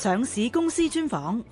上市公司專訪。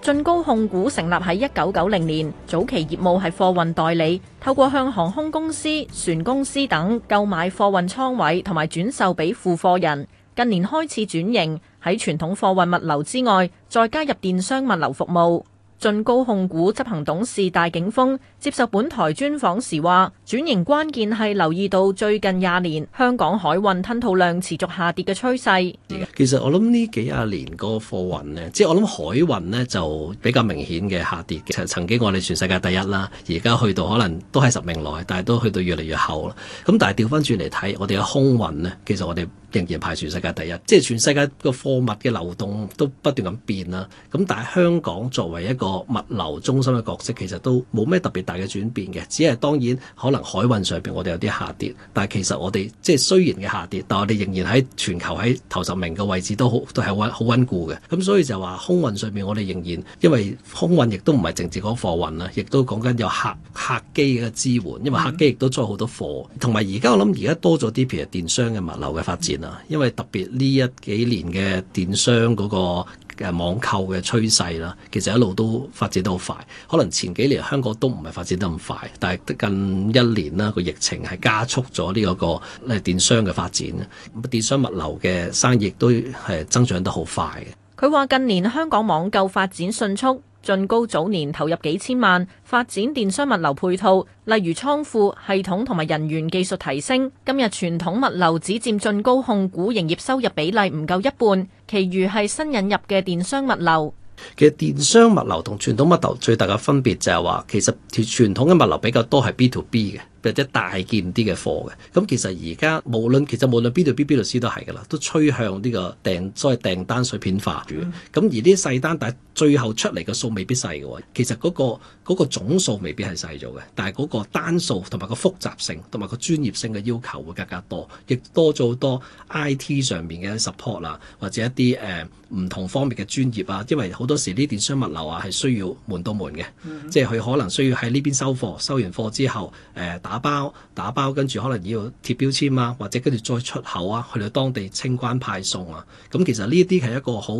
駿高控股成立喺一九九零年，早期業務係貨運代理，透過向航空公司、船公司等購買貨運艙位，同埋轉售俾付貨人。近年開始轉型，喺傳統貨運物流之外，再加入電商物流服務。駿高控股執行董事戴景峯接受本台專訪時話：轉型關鍵係留意到最近廿年香港海運吞吐量持續下跌嘅趨勢。其實我諗呢幾廿年嗰個貨運呢，即係我諗海運呢就比較明顯嘅下跌嘅。曾曾經我哋全世界第一啦，而家去到可能都係十名內，但係都去到越嚟越後啦。咁但係調翻轉嚟睇，我哋嘅空運呢，其實我哋仍然排全世界第一。即係全世界個貨物嘅流動都不斷咁變啦。咁但係香港作為一個，物流中心嘅角色其實都冇咩特別大嘅轉變嘅，只係當然可能海運上邊我哋有啲下跌，但係其實我哋即係雖然嘅下跌，但係我哋仍然喺全球喺頭十名嘅位置都好都係好穩好穩固嘅。咁所以就話空運上面我哋仍然因為空運亦都唔係淨止講貨運啦，亦都講緊有客客機嘅支援，因為客機亦都載好多貨。同埋而家我諗而家多咗啲，譬如電商嘅物流嘅發展啦，因為特別呢一幾年嘅電商嗰個。嘅網購嘅趨勢啦，其實一路都發展得好快。可能前幾年香港都唔係發展得咁快，但係近一年啦，個疫情係加速咗呢個個電商嘅發展。電商物流嘅生意都係增長得好快嘅。佢話近年香港網購發展迅速。駿高早年投入幾千萬發展電商物流配套，例如倉庫、系統同埋人員技術提升。今日傳統物流只佔駿高控股營業收入比例唔夠一半，其餘係新引入嘅電商物流。其實電商物流同傳統物流最大嘅分別就係話，其實傳統嘅物流比較多係 B to B 嘅。或者大件啲嘅貨嘅，咁其實而家無論其實無論邊度 B B 律師都係㗎啦，都趨向呢個訂所謂訂單碎片化。咁而呢啲細單，但係最後出嚟嘅數未必細嘅。其實嗰個嗰個總數未必係細咗嘅，但係嗰個單數同埋個複雜性同埋個專業性嘅要求會更加多，亦多咗好多 IT 上面嘅 support 啦，或者一啲誒唔同方面嘅專業啊。因為好多時呢電商物流啊係需要門到門嘅，即係佢可能需要喺呢邊收貨，收完貨之後誒。呃打包、打包，跟住可能要貼標籤啊，或者跟住再出口啊，去到當地清關派送啊。咁其實呢啲係一個好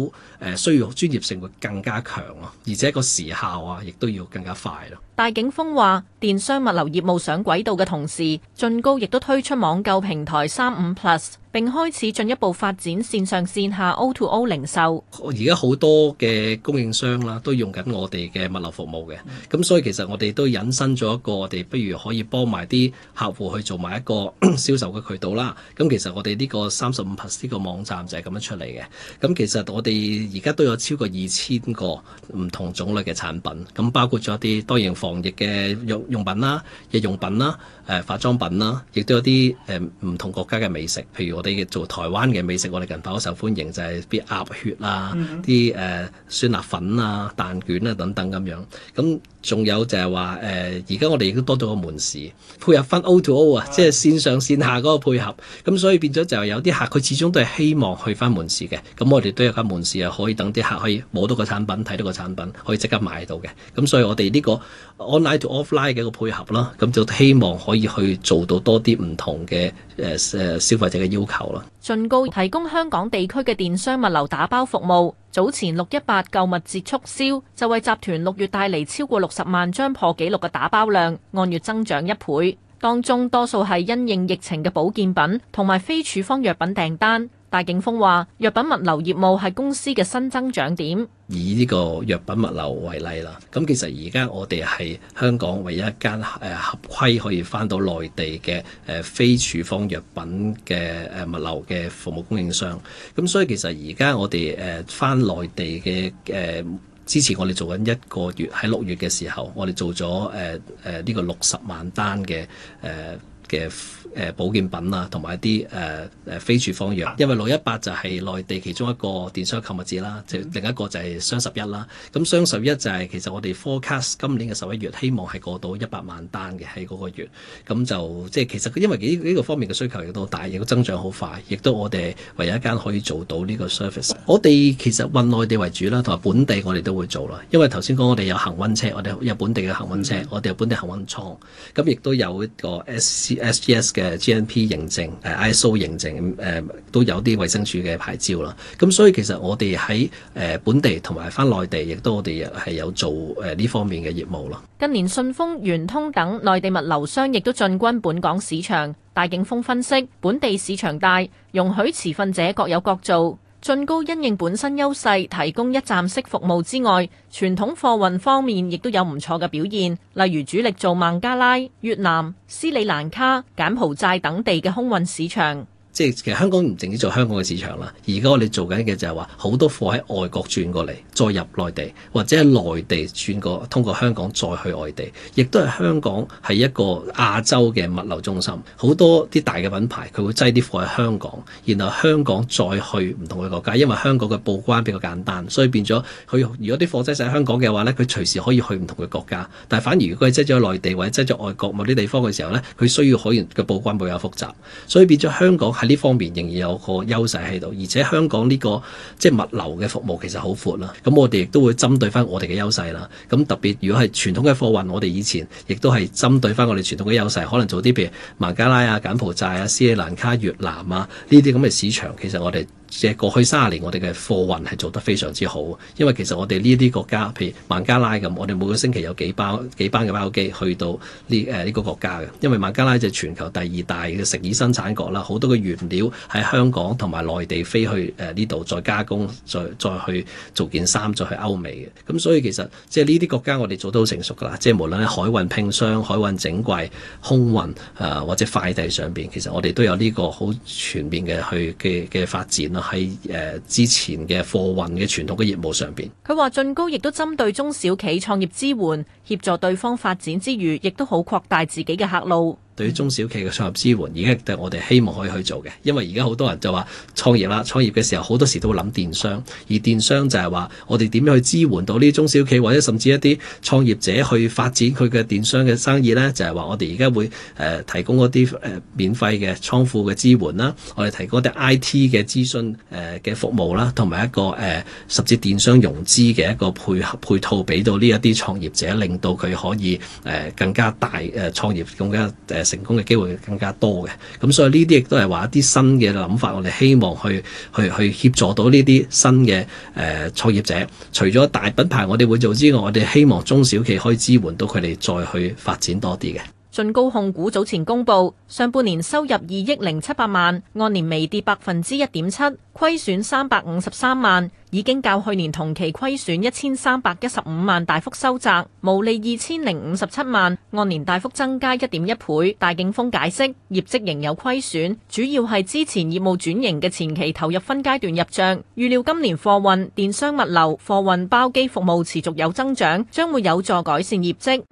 誒，需要專業性會更加強啊，而且個時效啊，亦都要更加快咯。戴景峯話：電商物流業務上軌道嘅同時，駿高亦都推出網購平台三五 Plus。並開始進一步發展線上線下 O to O 零售。而家好多嘅供應商啦，都用緊我哋嘅物流服務嘅。咁所以其實我哋都引申咗一個，我哋不如可以幫埋啲客戶去做埋一個 銷售嘅渠道啦。咁其實我哋呢個三十五 percent 呢個網站就係咁樣出嚟嘅。咁其實我哋而家都有超過二千個唔同種類嘅產品，咁包括咗啲多型防疫嘅用用品啦、日用品啦、誒、呃、化妝品啦，亦、呃呃、都有啲誒唔同國家嘅美食，譬如。我哋做台灣嘅美食，我哋近排好受歡迎，就係啲鴨血啊，啲誒、呃、酸辣粉啊、蛋卷啊等等咁樣咁仲、嗯、有就係話誒而家我哋亦都多咗個門市，配合翻 O to O 啊，即係線上線下個配合。咁所以變咗就有啲客佢始終都係希望去翻門市嘅。咁我哋都有間門市啊，可以等啲客可以摸到個產品、睇到個產品，可以即刻買到嘅。咁所以我哋呢個 online to offline 嘅一個配合啦，咁就希望可以去做到多啲唔同嘅誒誒消費者嘅要求。啦！駿高提供香港地區嘅電商物流打包服務，早前六一八購物節促銷，就為集團六月帶嚟超過六十萬張破紀錄嘅打包量，按月增長一倍。當中多數係因應疫情嘅保健品同埋非處方藥品訂單。戴景峯話：藥品物流業務係公司嘅新增長點。以呢個藥品物流為例啦，咁其實而家我哋係香港唯一一間誒合規可以翻到內地嘅誒非處方藥品嘅誒物流嘅服務供應商。咁所以其實而家我哋誒翻內地嘅誒，之前我哋做緊一個月，喺六月嘅時候，我哋做咗誒誒呢個六十萬單嘅誒，嘅誒保健品啊，同埋一啲誒誒非處方藥。因為六一八就係內地其中一個電商購物節啦，就、嗯、另一個就係雙十一啦。咁雙十一就係其實我哋 forecast 今年嘅十一月，希望係過到一百萬單嘅喺嗰個月。咁就即係其實因為呢、這、呢、個這個方面嘅需求亦都大，亦都增長好快，亦都我哋唯一一間可以做到呢個 service。嗯、我哋其實運內地為主啦，同埋本地我哋都會做啦。因為頭先講我哋有恆溫車，我哋有本地嘅恆溫車，我哋有本地恆溫、嗯、溫倉，咁亦都有一個 SC。SGS 嘅 GNP 認證、ISO 認證，誒、呃、都有啲衛生署嘅牌照啦。咁所以其實我哋喺誒本地同埋翻內地，亦都我哋係有做誒呢方面嘅業務咯。近年順豐、圓通等內地物流商亦都進軍本港市場。戴景峯分析，本地市場大，容許持份者各有各做。駿高因應本身優勢，提供一站式服務之外，傳統貨運方面亦都有唔錯嘅表現，例如主力做孟加拉、越南、斯里蘭卡、柬埔寨等地嘅空運市場。即係其實香港唔淨止做香港嘅市場啦，而家我哋做緊嘅就係話好多貨喺外國轉過嚟，再入內地，或者喺內地轉過通過香港再去外地，亦都係香港係一個亞洲嘅物流中心。好多啲大嘅品牌佢會擠啲貨喺香港，然後香港再去唔同嘅國家，因為香港嘅報關比較簡單，所以變咗佢如果啲貨擠晒香港嘅話呢，佢隨時可以去唔同嘅國家。但係反而如果係擠咗喺內地或者擠咗外國某啲地方嘅時候呢，佢需要可以嘅報關比較複雜，所以變咗香港係。呢方面仍然有個優勢喺度，而且香港呢個即係物流嘅服務其實好闊啦。咁我哋亦都會針對翻我哋嘅優勢啦。咁特別如果係傳統嘅貨運，我哋以前亦都係針對翻我哋傳統嘅優勢，可能做啲譬如孟加拉啊、柬埔寨啊、斯里蘭卡、越南啊呢啲咁嘅市場，其實我哋。即係過去三十年，我哋嘅貨運係做得非常之好。因為其實我哋呢啲國家，譬如孟加拉咁，我哋每個星期有幾包幾班嘅包機去到呢誒呢個國家嘅。因為孟加拉就全球第二大嘅成衣生產國啦，好多嘅原料喺香港同埋內地飛去誒呢度再加工，再再去做件衫，再去歐美嘅。咁所以其實即係呢啲國家，我哋做得好成熟㗎啦。即係無論喺海運拼箱、海運整櫃、空運啊，或者快遞上邊，其實我哋都有呢個好全面嘅去嘅嘅發展。喺誒之前嘅貨運嘅傳統嘅業務上邊，佢話駿高亦都針對中小企創業支援，協助對方發展之餘，亦都好擴大自己嘅客路。對於中小企嘅創業支援，而家我哋希望可以去做嘅，因為而家好多人就話創業啦，創業嘅時候好多時都會諗電商，而電商就係話我哋點樣去支援到呢啲中小企，或者甚至一啲創業者去發展佢嘅電商嘅生意呢？就係、是、話我哋而家會誒、呃、提供一啲誒、呃、免費嘅倉庫嘅支援啦，我哋提供一啲 I T 嘅諮詢誒嘅服務啦，同埋一個誒、呃、甚至電商融資嘅一個配合配套俾到呢一啲創業者，令到佢可以誒、呃、更加大誒、呃、創業更加誒。呃成功嘅機會更加多嘅，咁所以呢啲亦都係話一啲新嘅諗法，我哋希望去去去協助到呢啲新嘅誒、呃、創業者。除咗大品牌我哋會做之外，我哋希望中小企可以支援到佢哋，再去發展多啲嘅。駿高控股早前公布，上半年收入二億零七百萬，按年微跌百分之一點七，虧損三百五十三萬，已經較去年同期虧損一千三百一十五萬大幅收窄，毛利二千零五十七萬，按年大幅增加一點一倍。戴景峯解釋，業績仍有虧損，主要係之前業務轉型嘅前期投入分階段入賬。預料今年貨運、電商物流、貨運包機服務持續有增長，將會有助改善業績。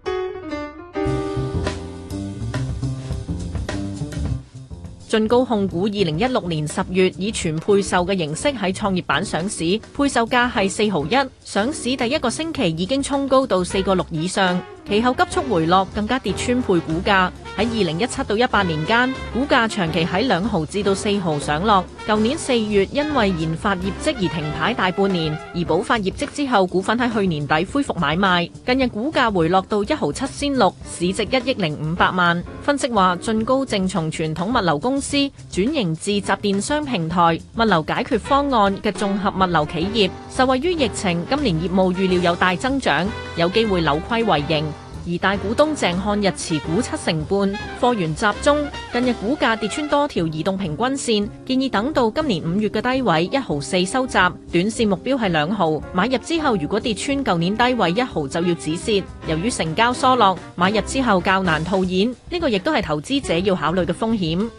駿高控股二零一六年十月以全配售嘅形式喺創業板上市，配售價係四毫一，上市第一個星期已經衝高到四個六以上。其後急速回落，更加跌穿配股價。喺二零一七到一八年間，股價長期喺兩毫至到四毫上落。舊年四月因為研發業績而停牌大半年，而補發業績之後，股份喺去年底恢復買賣。近日股價回落到一毫七仙六，市值一億零五百萬。分析話，駿高正從傳統物流公司轉型至集電商平台、物流解決方案嘅綜合物流企業，受惠於疫情，今年業務預料有大增長，有機會扭虧為盈。而大股東鄭漢日持股七成半，貨源集中，近日股價跌穿多條移動平均線，建議等到今年五月嘅低位一毫四收集，短線目標係兩毫。買入之後如果跌穿舊年低位一毫就要止蝕。由於成交疏落，買入之後較難套現，呢、這個亦都係投資者要考慮嘅風險。